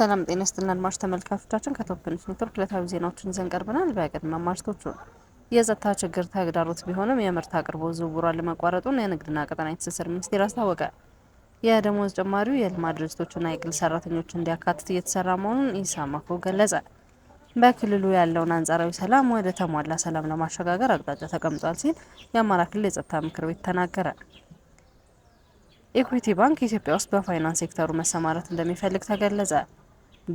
ሰላም ጤና ስጥና አድማጭ ተመልካቾቻችን ከቶፕ ኔትወርክ ዕለታዊ ዜናዎችን ይዘን ቀርበናል። በቅድመ ማርቶቹ የጸጥታ ችግር ተግዳሮት ቢሆንም የምርት አቅርቦት ዝውውሯን ለመቋረጡን የንግድና ቀጣናዊ ትስስር ሚኒስቴር አስታወቀ። የደሞዝ ጭማሪው የልማት ድርጅቶችና የግል ሰራተኞች እንዲያካትት እየተሰራ መሆኑን ኢሰማኮ ገለጸ። በክልሉ ያለውን አንጻራዊ ሰላም ወደ ተሟላ ሰላም ለማሸጋገር አቅጣጫ ተቀምጧል ሲል የአማራ ክልል የጸጥታ ምክር ቤት ተናገረ። ኢኩዊቲ ባንክ ኢትዮጵያ ውስጥ በፋይናንስ ሴክተሩ መሰማራት እንደሚፈልግ ተገለጸ።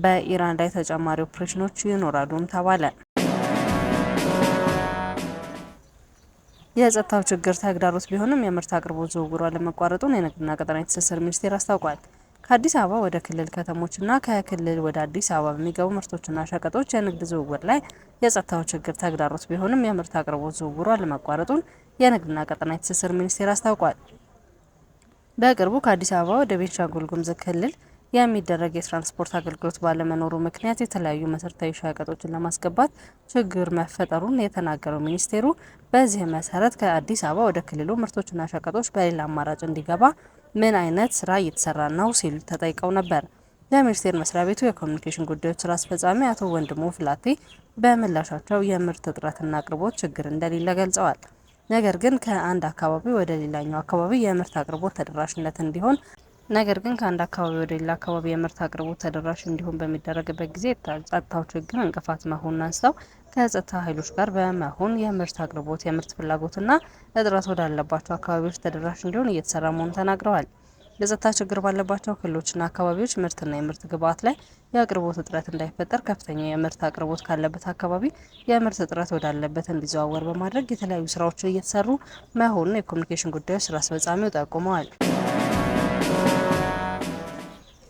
በኢራን ላይ ተጨማሪ ኦፕሬሽኖች ይኖራሉም ተባለ። የጸጥታው ችግር ተግዳሮት ቢሆንም የምርት አቅርቦት ዝውውሯ አለመቋረጡን የንግድና ቀጠናዊ ትስስር ሚኒስቴር አስታውቋል። ከአዲስ አበባ ወደ ክልል ከተሞችና ከክልል ወደ አዲስ አበባ በሚገቡ ምርቶችና ሸቀጦች የንግድ ዝውውር ላይ የጸጥታው ችግር ተግዳሮት ቢሆንም የምርት አቅርቦት ዝውውሩ አለመቋረጡን የንግድና ቀጠናዊ ትስስር ሚኒስቴር አስታውቋል። በቅርቡ ከአዲስ አበባ ወደ ቤንሻንጉል ጉሙዝ ክልል የሚደረግ የትራንስፖርት አገልግሎት ባለመኖሩ ምክንያት የተለያዩ መሰረታዊ ሸቀጦችን ለማስገባት ችግር መፈጠሩን የተናገረው ሚኒስቴሩ በዚህ መሰረት ከአዲስ አበባ ወደ ክልሉ ምርቶችና ሸቀጦች በሌላ አማራጭ እንዲገባ ምን አይነት ስራ እየተሰራ ነው ሲሉ ተጠይቀው ነበር። የሚኒስቴር መስሪያ ቤቱ የኮሚኒኬሽን ጉዳዮች ስራ አስፈጻሚ አቶ ወንድሙ ፍላቴ በምላሻቸው የምርት እጥረትና አቅርቦት ችግር እንደሌለ ገልጸዋል። ነገር ግን ከአንድ አካባቢ ወደ ሌላኛው አካባቢ የምርት አቅርቦት ተደራሽነት እንዲሆን ነገር ግን ከአንድ አካባቢ ወደ ሌላ አካባቢ የምርት አቅርቦት ተደራሽ እንዲሆን በሚደረግበት ጊዜ ጸጥታው ችግር እንቅፋት መሆኑን አንስተው ከጸጥታ ኃይሎች ጋር በመሆን የምርት አቅርቦት የምርት ፍላጎትና እጥረት ወዳለባቸው አካባቢዎች ተደራሽ እንዲሆን እየተሰራ መሆኑን ተናግረዋል። የጸጥታ ችግር ባለባቸው ክልሎችና አካባቢዎች ምርትና የምርት ግብዓት ላይ የአቅርቦት እጥረት እንዳይፈጠር ከፍተኛ የምርት አቅርቦት ካለበት አካባቢ የምርት እጥረት ወዳለበት እንዲዘዋወር በማድረግ የተለያዩ ስራዎች እየተሰሩ መሆኑን የኮሚኒኬሽን ጉዳዮች ስራ አስፈጻሚው ጠቁመዋል።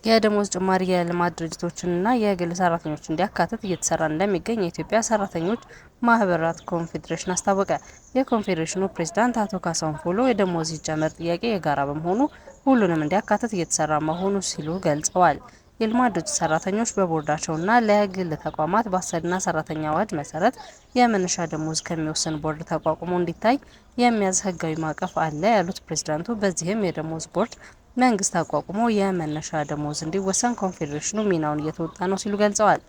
የደሞዝ ጭማሪ የልማት ድርጅቶችንና የግል ሰራተኞች እንዲያካትት እየተሰራ እንደሚገኝ የኢትዮጵያ ሰራተኞች ማህበራት ኮንፌዴሬሽን አስታወቀ። የኮንፌዴሬሽኑ ፕሬዚዳንት አቶ ካሳሁን ፎሎ የደሞዝ ይጨመር ጥያቄ የጋራ በመሆኑ ሁሉንም እንዲያካትት እየተሰራ መሆኑ ሲሉ ገልጸዋል። የልማ ድርጅት ሰራተኞች በቦርዳቸውና ለግል ተቋማት በአሰሪና ሰራተኛ አዋጅ መሰረት የመነሻ ደሞዝ ከሚወስን ቦርድ ተቋቁሞ እንዲታይ የሚያዝ ህጋዊ ማዕቀፍ አለ ያሉት ፕሬዝዳንቱ፣ በዚህም የደሞዝ ቦርድ መንግስት አቋቁሞ የመነሻ ደሞዝ እንዲወሰን ኮንፌዴሬሽኑ ሚናውን እየተወጣ ነው ሲሉ ገልጸዋል።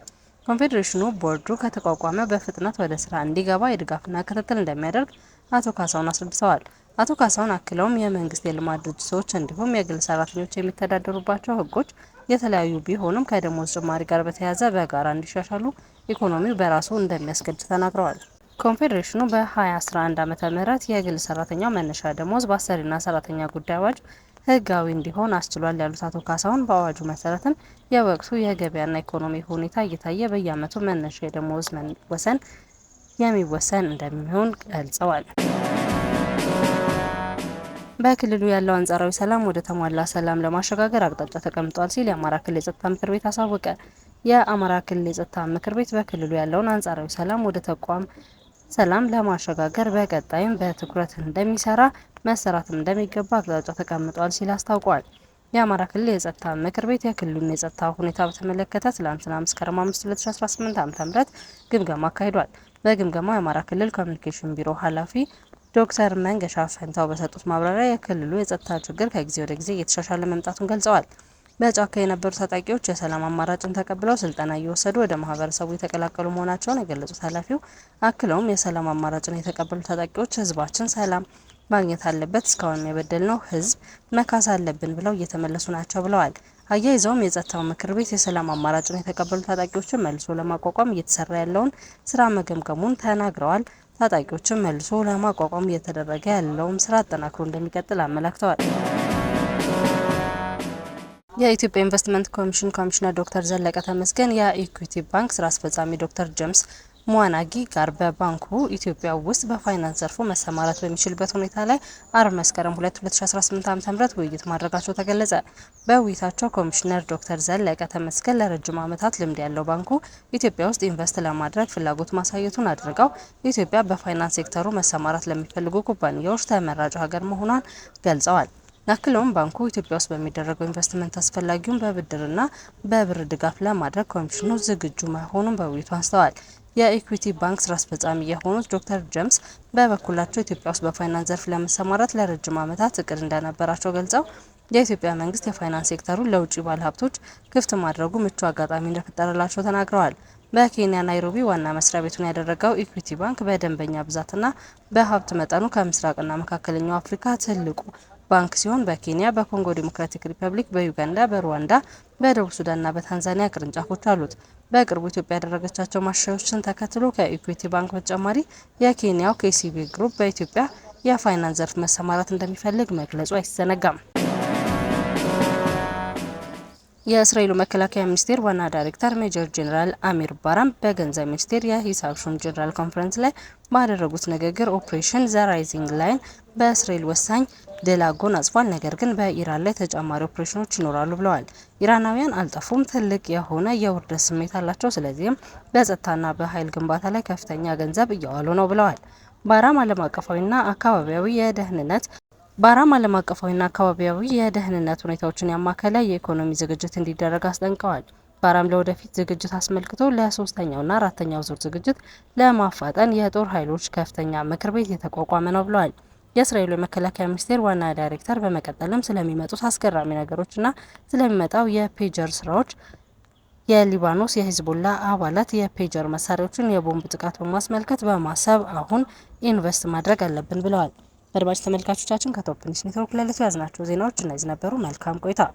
ኮንፌዴሬሽኑ ቦርዱ ከተቋቋመ በፍጥነት ወደ ስራ እንዲገባ የድጋፍና ክትትል እንደሚያደርግ አቶ ካሳሁን አስረድተዋል። አቶ ካሳሁን አክለውም የመንግስት የልማት ድርጅቶች እንዲሁም የግል ሰራተኞች የሚተዳደሩባቸው ህጎች የተለያዩ ቢሆንም ከደሞዝ ጭማሪ ጋር በተያያዘ በጋራ እንዲሻሻሉ ኢኮኖሚው በራሱ እንደሚያስገድድ ተናግረዋል። ኮንፌዴሬሽኑ በ2011 ዓ ም የግል ሰራተኛው መነሻ ደሞዝ በአሰሪና ሰራተኛ ጉዳይ አዋጅ ህጋዊ እንዲሆን አስችሏል ያሉት አቶ ካሳሁን በአዋጁ መሰረትም የወቅቱ የገበያና ኢኮኖሚ ሁኔታ እየታየ በየአመቱ መነሻ የደሞዝ ወሰን የሚወሰን እንደሚሆን ገልጸዋል። በክልሉ ያለው አንጻራዊ ሰላም ወደ ተሟላ ሰላም ለማሸጋገር አቅጣጫ ተቀምጧል ሲል የአማራ ክልል የጸጥታ ምክር ቤት አሳወቀ። የአማራ ክልል የጸጥታ ምክር ቤት በክልሉ ያለውን አንጻራዊ ሰላም ወደ ተቋም ሰላም ለማሸጋገር በቀጣይም በትኩረት እንደሚሰራ መሰራትም እንደሚገባ አቅጣጫ ተቀምጧል ሲል አስታውቋል። የአማራ ክልል የጸጥታ ምክር ቤት የክልሉን የጸጥታ ሁኔታ በተመለከተ ትላንትና መስከረም 5 2018 ዓ.ም ግምገማ አካሂዷል። በግምገማው የአማራ ክልል ኮሚኒኬሽን ቢሮ ኃላፊ ዶክተር መንገሻ ፈንታው በሰጡት ማብራሪያ የክልሉ የጸጥታ ችግር ከጊዜ ወደ ጊዜ እየተሻሻለ መምጣቱን ገልጸዋል። በጫካ የነበሩ ታጣቂዎች የሰላም አማራጭን ተቀብለው ስልጠና እየወሰዱ ወደ ማህበረሰቡ የተቀላቀሉ መሆናቸውን የገለጹት ኃላፊው አክለውም የሰላም አማራጭን የተቀበሉ ታጣቂዎች ህዝባችን ሰላም ማግኘት አለበት፣ እስካሁን የበደልነው ህዝብ መካስ አለብን ብለው እየተመለሱ ናቸው ብለዋል። አያይዘውም የጸጥታው ምክር ቤት የሰላም አማራጭን የተቀበሉ ታጣቂዎችን መልሶ ለማቋቋም እየተሰራ ያለውን ስራ መገምገሙን ተናግረዋል። ታጣቂዎችን መልሶ ለማቋቋም እየተደረገ ያለውም ስራ አጠናክሮ እንደሚቀጥል አመላክተዋል። የኢትዮጵያ ኢንቨስትመንት ኮሚሽን ኮሚሽነር ዶክተር ዘለቀ ተመስገን የኢኩዊቲ ባንክ ስራ አስፈጻሚ ዶክተር ጀምስ ሙዋናጊ ጋር በባንኩ ኢትዮጵያ ውስጥ በፋይናንስ ዘርፉ መሰማራት በሚችልበት ሁኔታ ላይ አርብ መስከረም 2 2018 ዓ.ም ውይይት ማድረጋቸው ተገለጸ። በውይይታቸው ኮሚሽነር ዶክተር ዘለቀ ተመስገን ለረጅም ዓመታት ልምድ ያለው ባንኩ ኢትዮጵያ ውስጥ ኢንቨስት ለማድረግ ፍላጎት ማሳየቱን አድርገው ኢትዮጵያ በፋይናንስ ሴክተሩ መሰማራት ለሚፈልጉ ኩባንያዎች ተመራጭ ሀገር መሆኗን ገልጸዋል። አክለውም ባንኩ ኢትዮጵያ ውስጥ በሚደረገው ኢንቨስትመንት አስፈላጊውን በብድርና በብር ድጋፍ ለማድረግ ኮሚሽኑ ዝግጁ መሆኑን በውይይቱ አንስተዋል። የኢኩዊቲ ባንክ ስራ አስፈጻሚ የሆኑት ዶክተር ጀምስ በበኩላቸው ኢትዮጵያ ውስጥ በፋይናንስ ዘርፍ ለመሰማራት ለረጅም ዓመታት እቅድ እንደነበራቸው ገልጸው የኢትዮጵያ መንግስት የፋይናንስ ሴክተሩን ለውጭ ባለሀብቶች ክፍት ማድረጉ ምቹ አጋጣሚ እንደፈጠረላቸው ተናግረዋል። በኬንያ ናይሮቢ ዋና መስሪያ ቤቱን ያደረገው ኢኩዊቲ ባንክ በደንበኛ ብዛትና በሀብት መጠኑ ከምስራቅና መካከለኛው አፍሪካ ትልቁ ባንክ ሲሆን በኬንያ፣ በኮንጎ ዲሞክራቲክ ሪፐብሊክ፣ በዩጋንዳ፣ በሩዋንዳ፣ በደቡብ ሱዳንና በታንዛኒያ ቅርንጫፎች አሉት። በቅርቡ ኢትዮጵያ ያደረገቻቸው ማሻሻያዎችን ተከትሎ ከኢኩዊቲ ባንክ በተጨማሪ የኬንያው ኬሲቢ ግሩፕ በኢትዮጵያ የፋይናንስ ዘርፍ መሰማራት እንደሚፈልግ መግለጹ አይዘነጋም። የእስራኤሉ መከላከያ ሚኒስቴር ዋና ዳይሬክተር ሜጀር ጄኔራል አሚር ባራም በገንዘብ ሚኒስቴር የሂሳብ ሹም ጄኔራል ኮንፈረንስ ላይ ባደረጉት ንግግር ኦፕሬሽን ዘ ራይዚንግ ላይን በእስራኤል ወሳኝ ድል አጎናጽፏል። ነገር ግን በኢራን ላይ ተጨማሪ ኦፕሬሽኖች ይኖራሉ ብለዋል። ኢራናውያን አልጠፉም፣ ትልቅ የሆነ የውርደት ስሜት አላቸው። ስለዚህም በጸጥታና በኃይል ግንባታ ላይ ከፍተኛ ገንዘብ እያዋሉ ነው ብለዋል። ባራም ዓለም አቀፋዊና አካባቢያዊ የደህንነት ባራም ዓለም አቀፋዊና አካባቢያዊ የደህንነት ሁኔታዎችን ያማከለ የኢኮኖሚ ዝግጅት እንዲደረግ አስጠንቀዋል። ባራም ለወደፊት ዝግጅት አስመልክቶ ለሶስተኛውና አራተኛው ዙር ዝግጅት ለማፋጠን የጦር ኃይሎች ከፍተኛ ምክር ቤት የተቋቋመ ነው ብለዋል። የእስራኤሉ የመከላከያ ሚኒስቴር ዋና ዳይሬክተር በመቀጠልም ስለሚመጡት አስገራሚ ነገሮችና ስለሚመጣው የፔጀር ስራዎች የሊባኖስ የሂዝቡላ አባላት የፔጀር መሳሪያዎችን የቦምብ ጥቃት በማስመልከት በማሰብ አሁን ኢንቨስት ማድረግ አለብን ብለዋል። አድማጭ ተመልካቾቻችን ከቶፕ ኒውስ ኔትወርክ ለዕለቱ ያዝናቸው ዜናዎች እነዚህ ነበሩ። መልካም ቆይታ